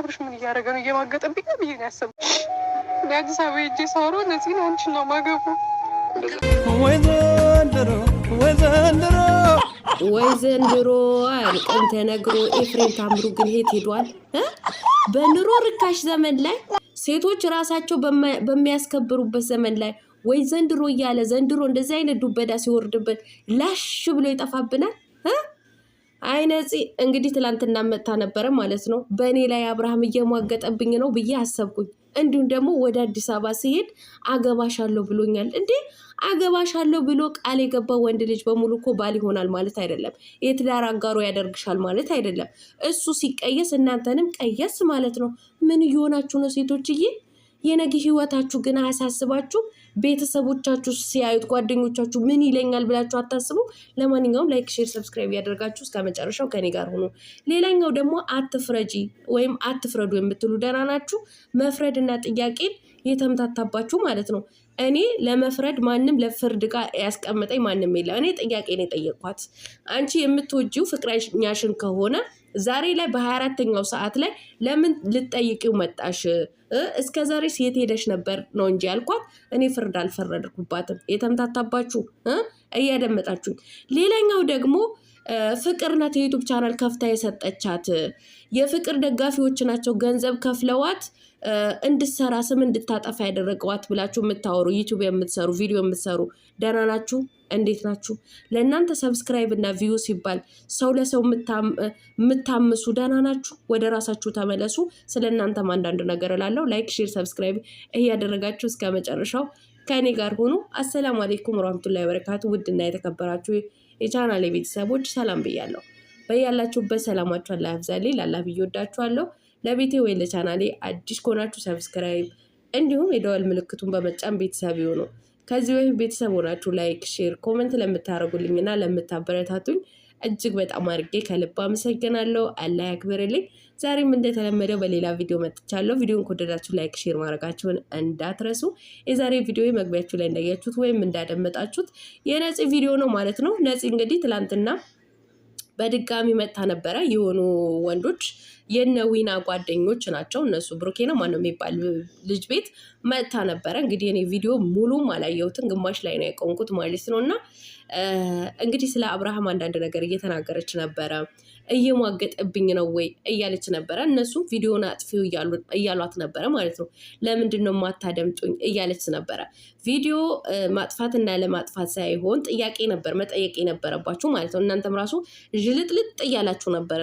አብርሽ ምን እያደረገ ነው? እየማገጠብኝ ነው ብዬ ነው ያሰብኩት። አዲስ አበባ ሄጄ ሳወራው እነዚህ ነው አንቺን ነው ማገቡ ወይ ዘንድሮ ወይ ዘንድሮ ወይ ዘንድሮ አያልቅም ተነግሮ። ኤፍሬም ታምሩ ግን የት ሄዷል? በኑሮ ርካሽ ዘመን ላይ ሴቶች ራሳቸው በሚያስከብሩበት ዘመን ላይ ወይ ዘንድሮ እያለ ዘንድሮ እንደዚህ አይነት ዱበዳ ሲወርድበት ላሽ ብሎ ይጠፋብናል። አይ ነፂ እንግዲህ ትላንትና መጥታ ነበረ ማለት ነው። በእኔ ላይ አብርሃም እየሟገጠብኝ ነው ብዬ አሰብኩኝ። እንዲሁም ደግሞ ወደ አዲስ አበባ ሲሄድ አገባሻለሁ ብሎኛል። እንዴ አገባሻለሁ ብሎ ቃል የገባው ወንድ ልጅ በሙሉ እኮ ባል ይሆናል ማለት አይደለም። የትዳር አጋሮ ያደርግሻል ማለት አይደለም። እሱ ሲቀየስ እናንተንም ቀየስ ማለት ነው። ምን እየሆናችሁ ነው ሴቶችዬ? የነገ ህይወታችሁ ግን አያሳስባችሁ? ቤተሰቦቻችሁ ሲያዩት ጓደኞቻችሁ ምን ይለኛል ብላችሁ አታስቡ። ለማንኛውም ላይክ፣ ሼር፣ ሰብስክራይብ እያደረጋችሁ እስከ መጨረሻው ከኔ ጋር ሆኖ ሌላኛው ደግሞ አትፍረጂ ወይም አትፍረዱ የምትሉ ደህና ናችሁ። መፍረድና ጥያቄን የተምታታባችሁ ማለት ነው። እኔ ለመፍረድ ማንም ለፍርድ ጋር ያስቀምጠኝ ማንም የለም። እኔ ነው የጠየቅኳት አንቺ የምትወጂው ፍቅረኛሽን ከሆነ ዛሬ ላይ በ24ተኛው ሰዓት ላይ ለምን ልጠይቂው መጣሽ? እስከ ዛሬ የት ሄደሽ ነበር ነው እንጂ ያልኳት። እኔ ፍርድ አልፈረድኩባትም። የተምታታባችሁ እያደመጣችሁኝ። ሌላኛው ደግሞ ፍቅር ናት የዩቱብ ቻናል ከፍታ የሰጠቻት። የፍቅር ደጋፊዎች ናቸው ገንዘብ ከፍለዋት እንድትሰራ ስም እንድታጠፋ ያደረገዋት ብላችሁ የምታወሩ ዩቱብ የምትሰሩ ቪዲዮ የምትሰሩ ደህና ናችሁ? እንዴት ናችሁ? ለእናንተ ሰብስክራይብ እና ቪዩ ሲባል ሰው ለሰው የምታምሱ ደህና ናችሁ? ወደ ራሳችሁ ተመለሱ። ስለ እናንተም አንዳንድ ነገር እላለሁ። ላይክ፣ ሼር፣ ሰብስክራይብ እያደረጋችሁ እስከ መጨረሻው ከእኔ ጋር ሆኑ። አሰላሙ አሌይኩም ወራህመቱላሂ ወበረካቱ ውድና የተከበራችሁ የቻናሌ ቤተሰቦች ሰላም ብያለሁ። በያላችሁበት ሰላማችሁ አላህ ያብዛልኝ። ላላህ ብዬ ወዳችኋለሁ። ለቤቴ ወይ ለቻናሌ አዲስ ከሆናችሁ ሰብስክራይብ እንዲሁም የደወል ምልክቱን በመጫን ቤተሰብ ይሁኑ። ከዚህ በፊት ቤተሰብ ሆናችሁ ላይክ፣ ሼር፣ ኮመንት ለምታደርጉልኝና ለምታበረታቱኝ እጅግ በጣም አድርጌ ከልብ አመሰግናለሁ። አላህ ያክብርልኝ። ዛሬም እንደተለመደው በሌላ ቪዲዮ መጥቻለሁ። ቪዲዮን ከወደዳችሁ ላይክ፣ ሼር ማድረጋችሁን እንዳትረሱ። የዛሬ ቪዲዮ መግቢያችሁ ላይ እንዳያችሁት ወይም እንዳደመጣችሁት የነፂ ቪዲዮ ነው ማለት ነው። ነፂ እንግዲህ ትላንትና በድጋሚ መጥታ ነበረ። የሆኑ ወንዶች የነ ዊና ጓደኞች ናቸው እነሱ ነው ማነው የሚባል ልጅ ቤት መጥታ ነበረ። እንግዲህ እኔ ቪዲዮ ሙሉም አላየሁትን ግማሽ ላይ ነው ያቆምኩት ማለት ነው እና እንግዲህ ስለ አብርሃም አንዳንድ ነገር እየተናገረች ነበረ። እየሟገጠብኝ ነው ወይ እያለች ነበረ። እነሱ ቪዲዮን አጥፊው እያሏት ነበረ ማለት ነው። ለምንድን ነው ማታደምጡኝ እያለች ነበረ። ቪዲዮ ማጥፋትና ለማጥፋት ሳይሆን ጥያቄ ነበር መጠየቅ የነበረባችሁ ማለት ነው። እናንተም ራሱ ዥልጥልጥ እያላችሁ ነበር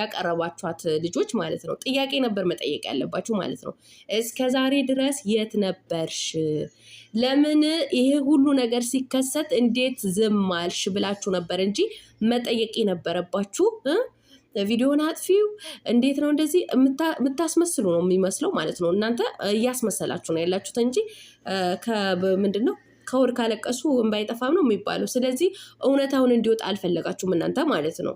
ያቀረባችኋት ልጆች ማለት ነው። ጥያቄ ነበር መጠየቅ ያለባችሁ ማለት ነው። እስከ ዛሬ ድረስ የት ነበርሽ? ለምን ይሄ ሁሉ ነገር ሲከሰት እንዲ እንዴት ዝም አልሽ ብላችሁ ነበር እንጂ መጠየቅ የነበረባችሁ። ቪዲዮን አጥፊው እንዴት ነው እንደዚህ የምታስመስሉ ነው የሚመስለው ማለት ነው። እናንተ እያስመሰላችሁ ነው ያላችሁት እንጂ ምንድን ነው ከወር ካለቀሱ እንባ አይጠፋም ነው የሚባለው። ስለዚህ እውነታውን እንዲወጣ አልፈለጋችሁም እናንተ ማለት ነው።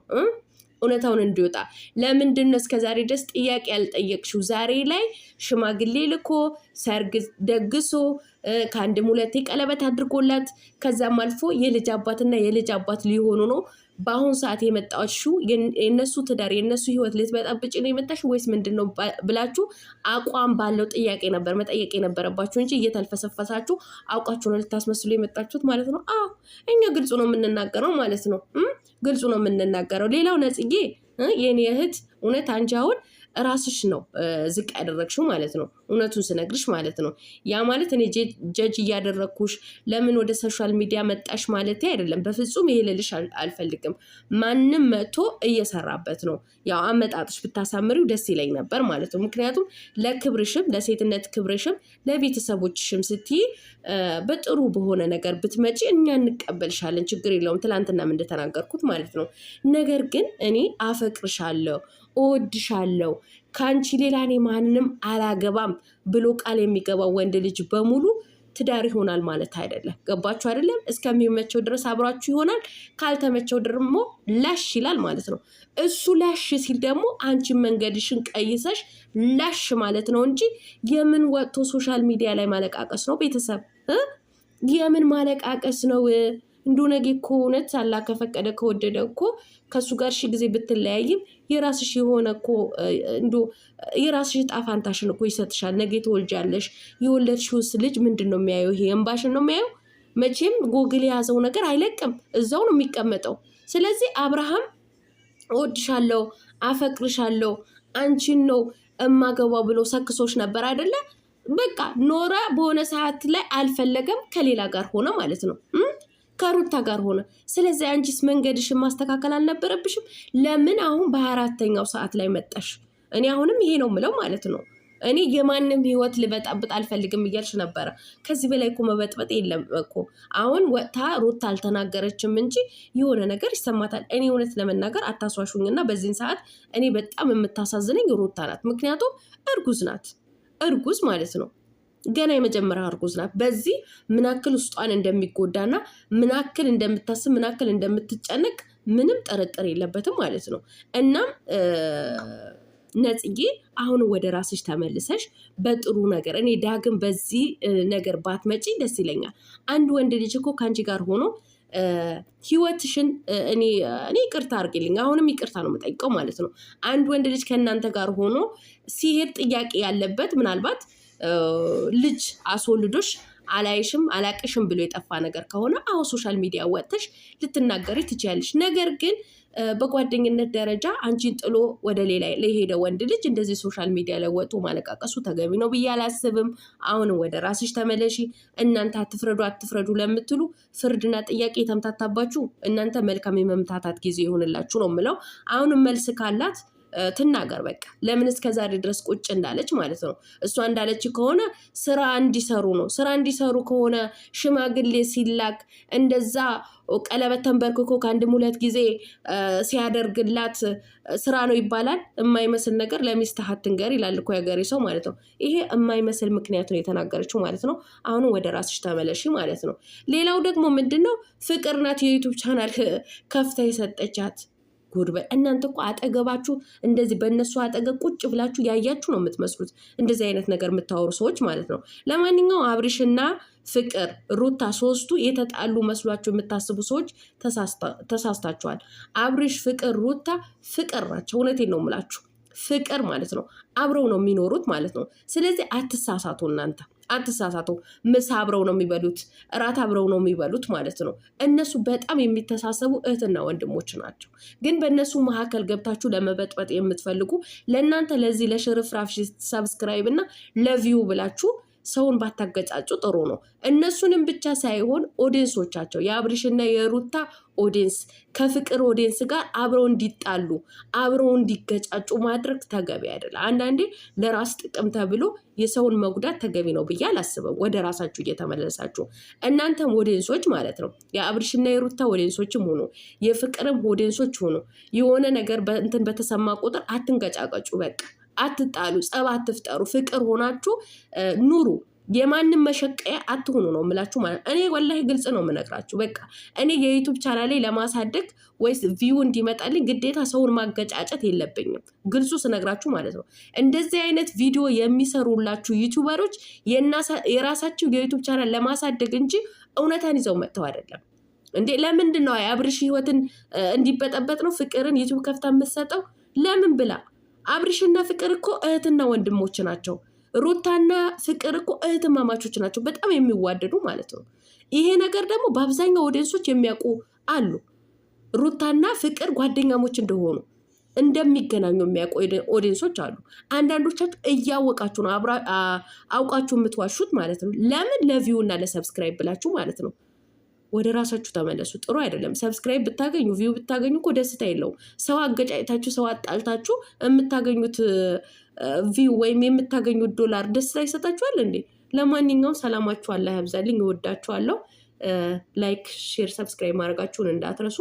እውነታውን እንዲወጣ ለምንድን ነው እስከዛሬ ድረስ ጥያቄ ያልጠየቅሽው? ዛሬ ላይ ሽማግሌ ልኮ ሰርግ ደግሶ ከአንድም ሁለቴ ቀለበት አድርጎላት ከዛም አልፎ የልጅ አባትና የልጅ አባት ሊሆኑ ነው። በአሁኑ ሰዓት የመጣችው የነሱ ትዳር የነሱ ህይወት ልትበጣብጭ ነው የመጣሽ ወይስ ምንድን ነው ብላችሁ አቋም ባለው ጥያቄ ነበር መጠየቅ የነበረባችሁ እንጂ እየተልፈሰፈሳችሁ አውቃችሁ ነው ልታስመስሉ የመጣችሁት ማለት ነው። አዎ እኛ ግልጹ ነው የምንናገረው ማለት ነው። ግልጹ ነው የምንናገረው። ሌላው ነጽጌ የኔ እህት እውነት አንቺ አሁን ራስሽ ነው ዝቅ ያደረግሽው ማለት ነው። እውነቱን ስነግርሽ ማለት ነው። ያ ማለት እኔ ጀጅ እያደረግኩሽ ለምን ወደ ሶሻል ሚዲያ መጣሽ ማለት አይደለም። በፍጹም ይሄ ልልሽ አልፈልግም። ማንም መጥቶ እየሰራበት ነው። ያው አመጣጥሽ ብታሳምሪው ደስ ይለኝ ነበር ማለት ነው። ምክንያቱም ለክብርሽም ለሴትነት ክብርሽም ለቤተሰቦችሽም ስትይ በጥሩ በሆነ ነገር ብትመጪ እኛ እንቀበልሻለን፣ ችግር የለውም። ትላንትናም እንደተናገርኩት ማለት ነው። ነገር ግን እኔ አፈቅርሻለሁ እወድሻለሁ፣ ከአንቺ ሌላ እኔ ማንንም አላገባም ብሎ ቃል የሚገባው ወንድ ልጅ በሙሉ ትዳር ይሆናል ማለት አይደለም። ገባችሁ አይደለም? እስከሚመቸው ድረስ አብሯችሁ ይሆናል። ካልተመቸው ደግሞ ላሽ ይላል ማለት ነው። እሱ ላሽ ሲል ደግሞ አንቺን መንገድሽን ቀይሰሽ ላሽ ማለት ነው እንጂ የምን ወጥቶ ሶሻል ሚዲያ ላይ ማለቃቀስ ነው? ቤተሰብ የምን ማለቃቀስ ነው? እንዶ ነገ እኮ እውነት አላ ከፈቀደ ከወደደ እኮ ከእሱ ጋር ሺ ጊዜ ብትለያይም የራስሽ የሆነ እኮ የራስሽ ዕጣ እኮ ይሰጥሻል። ነገ ትወልጃለሽ። የወለድሽውስ ልጅ ምንድን ነው የሚያየው? ይሄ እንባሽን ነው የሚያየው። መቼም ጎግል የያዘው ነገር አይለቅም፣ እዛው ነው የሚቀመጠው። ስለዚህ አብርሃም እወድሻለሁ፣ አፈቅርሻለሁ፣ አንቺን ነው እማገባ ብሎ ሰክሶች ነበር አይደለ? በቃ ኖረ። በሆነ ሰዓት ላይ አልፈለገም፣ ከሌላ ጋር ሆነ ማለት ነው። ከሩታ ጋር ሆነ። ስለዚህ አንቺስ መንገድሽን ማስተካከል አልነበረብሽም? ለምን አሁን በአራተኛው ሰዓት ላይ መጣሽ? እኔ አሁንም ይሄ ነው ምለው ማለት ነው። እኔ የማንም ህይወት ልበጣብጥ አልፈልግም እያልሽ ነበረ። ከዚህ በላይ እኮ መበጥበጥ የለም እኮ። አሁን ወጥታ ሩታ አልተናገረችም እንጂ የሆነ ነገር ይሰማታል። እኔ እውነት ለመናገር አታስዋሹኝና በዚህን ሰዓት እኔ በጣም የምታሳዝነኝ ሩታ ናት። ምክንያቱም እርጉዝ ናት፣ እርጉዝ ማለት ነው። ገና የመጀመሪያ እርጉዝ ናት። በዚህ ምናክል ውስጧን እንደሚጎዳና ምናክል እንደምታስብ ምናክል እንደምትጨነቅ ምንም ጥርጥር የለበትም ማለት ነው። እናም ነጽዬ አሁን ወደ ራስሽ ተመልሰሽ በጥሩ ነገር እኔ ዳግም በዚህ ነገር ባትመጪ ደስ ይለኛል። አንድ ወንድ ልጅ እኮ ከአንቺ ጋር ሆኖ ህይወትሽን እኔ እኔ ይቅርታ አድርጌልኝ አሁንም ይቅርታ ነው የምጠይቀው ማለት ነው። አንድ ወንድ ልጅ ከእናንተ ጋር ሆኖ ሲሄድ ጥያቄ ያለበት ምናልባት ልጅ አስወልዶሽ አላይሽም አላቅሽም ብሎ የጠፋ ነገር ከሆነ አሁን ሶሻል ሚዲያ ወጥተሽ ልትናገሪ ትችያለሽ። ነገር ግን በጓደኝነት ደረጃ አንቺን ጥሎ ወደ ሌላ ለሄደ ወንድ ልጅ እንደዚህ ሶሻል ሚዲያ ላይ ወጥቶ ማለቃቀሱ ተገቢ ነው ብዬ አላስብም። አሁንም ወደ ራስሽ ተመለሺ። እናንተ አትፍረዱ አትፍረዱ ለምትሉ ፍርድና ጥያቄ የተምታታባችሁ እናንተ መልካም የመምታታት ጊዜ ይሆንላችሁ ነው የምለው። አሁንም መልስ ካላት ትናገር በቃ ለምን እስከ ዛሬ ድረስ ቁጭ እንዳለች ማለት ነው። እሷ እንዳለች ከሆነ ስራ እንዲሰሩ ነው። ስራ እንዲሰሩ ከሆነ ሽማግሌ ሲላክ እንደዛ ቀለበት ተንበርክኮ ከአንድም ሁለት ጊዜ ሲያደርግላት ስራ ነው ይባላል። የማይመስል ነገር ለሚስትህ አትንገር ይላል እኮ ያገሬ ሰው ማለት ነው። ይሄ የማይመስል ምክንያት ነው የተናገረችው ማለት ነው። አሁን ወደ ራስሽ ተመለሽ ማለት ነው። ሌላው ደግሞ ምንድን ነው ፍቅር ናት የዩቱብ ቻናል ከፍታ የሰጠቻት ጉድ እናንተ እኮ አጠገባችሁ እንደዚህ በእነሱ አጠገብ ቁጭ ብላችሁ ያያችሁ ነው የምትመስሉት፣ እንደዚህ አይነት ነገር የምታወሩ ሰዎች ማለት ነው። ለማንኛውም አብርሽና ፍቅር ሩታ ሶስቱ የተጣሉ መስሏችሁ የምታስቡ ሰዎች ተሳስታችኋል። አብርሽ፣ ፍቅር፣ ሩታ ፍቅር ናቸው። እውነቴን ነው የምላችሁ፣ ፍቅር ማለት ነው። አብረው ነው የሚኖሩት ማለት ነው። ስለዚህ አትሳሳቱ እናንተ አትሳሳቱ። ምሳ አብረው ነው የሚበሉት፣ እራት አብረው ነው የሚበሉት ማለት ነው። እነሱ በጣም የሚተሳሰቡ እህትና ወንድሞች ናቸው። ግን በእነሱ መካከል ገብታችሁ ለመበጥበጥ የምትፈልጉ ለእናንተ ለዚህ ለሽርፍራፊ ሰብስክራይብ እና ለቪው ብላችሁ ሰውን ባታገጫጩ ጥሩ ነው። እነሱንም ብቻ ሳይሆን ኦዲንሶቻቸው የአብርሽና የሩታ ኦዲንስ ከፍቅር ኦዲንስ ጋር አብረው እንዲጣሉ አብረው እንዲገጫጩ ማድረግ ተገቢ አይደለ። አንዳንዴ ለራስ ጥቅም ተብሎ የሰውን መጉዳት ተገቢ ነው ብዬ አላስበም ወደ ራሳችሁ እየተመለሳችሁ እናንተም ኦዲንሶች ማለት ነው የአብርሽና የሩታ ኦዲንሶችም ሆኑ የፍቅርም ኦዲንሶች ሆኑ የሆነ ነገር እንትን በተሰማ ቁጥር አትንገጫቀጩ በቃ። አትጣሉ፣ ጸብ አትፍጠሩ፣ ፍቅር ሆናችሁ ኑሩ። የማንም መሸቀያ አትሆኑ ነው የምላችሁ። ማለት እኔ ወላሂ ግልጽ ነው የምነግራችሁ። በቃ እኔ የዩቱብ ላይ ለማሳደግ ወይስ ቪው እንዲመጣልኝ ግዴታ ሰውን ማገጫጨት የለብኝም። ግልጹ ስነግራችሁ ማለት ነው። እንደዚህ አይነት ቪዲዮ የሚሰሩላችሁ ዩቱበሮች የራሳችሁ የዩቱብ ቻናል ለማሳደግ እንጂ እውነታን ይዘው መጥተው አይደለም። እንዴ ለምንድን ነው የአብርሽ ህይወትን እንዲበጠበጥ ነው ፍቅርን ዩቱብ ከፍታ የምትሰጠው ለምን ብላ አብርሽና ፍቅር እኮ እህትና ወንድሞች ናቸው። ሩታና ፍቅር እኮ እህትማማቾች ናቸው፣ በጣም የሚዋደዱ ማለት ነው። ይሄ ነገር ደግሞ በአብዛኛው ኦዲየንሶች የሚያውቁ አሉ፣ ሩታና ፍቅር ጓደኛሞች እንደሆኑ እንደሚገናኙ የሚያውቁ ኦዲየንሶች አሉ። አንዳንዶቻችሁ እያወቃችሁ ነው አውቃችሁ የምትዋሹት ማለት ነው። ለምን ለቪው እና ለሰብስክራይብ ብላችሁ ማለት ነው። ወደ ራሳችሁ ተመለሱ። ጥሩ አይደለም። ሰብስክራይብ ብታገኙ ቪው ብታገኙ እኮ ደስታ የለውም። ሰው አገጫጭታችሁ ሰው አጣልታችሁ የምታገኙት ቪው ወይም የምታገኙት ዶላር ደስታ ይሰጣችኋል እንዴ? ለማንኛውም ሰላማችሁ አላህ ያብዛልኝ። እወዳችኋለሁ። ላይክ፣ ሼር፣ ሰብስክራይብ ማድረጋችሁን እንዳትረሱ።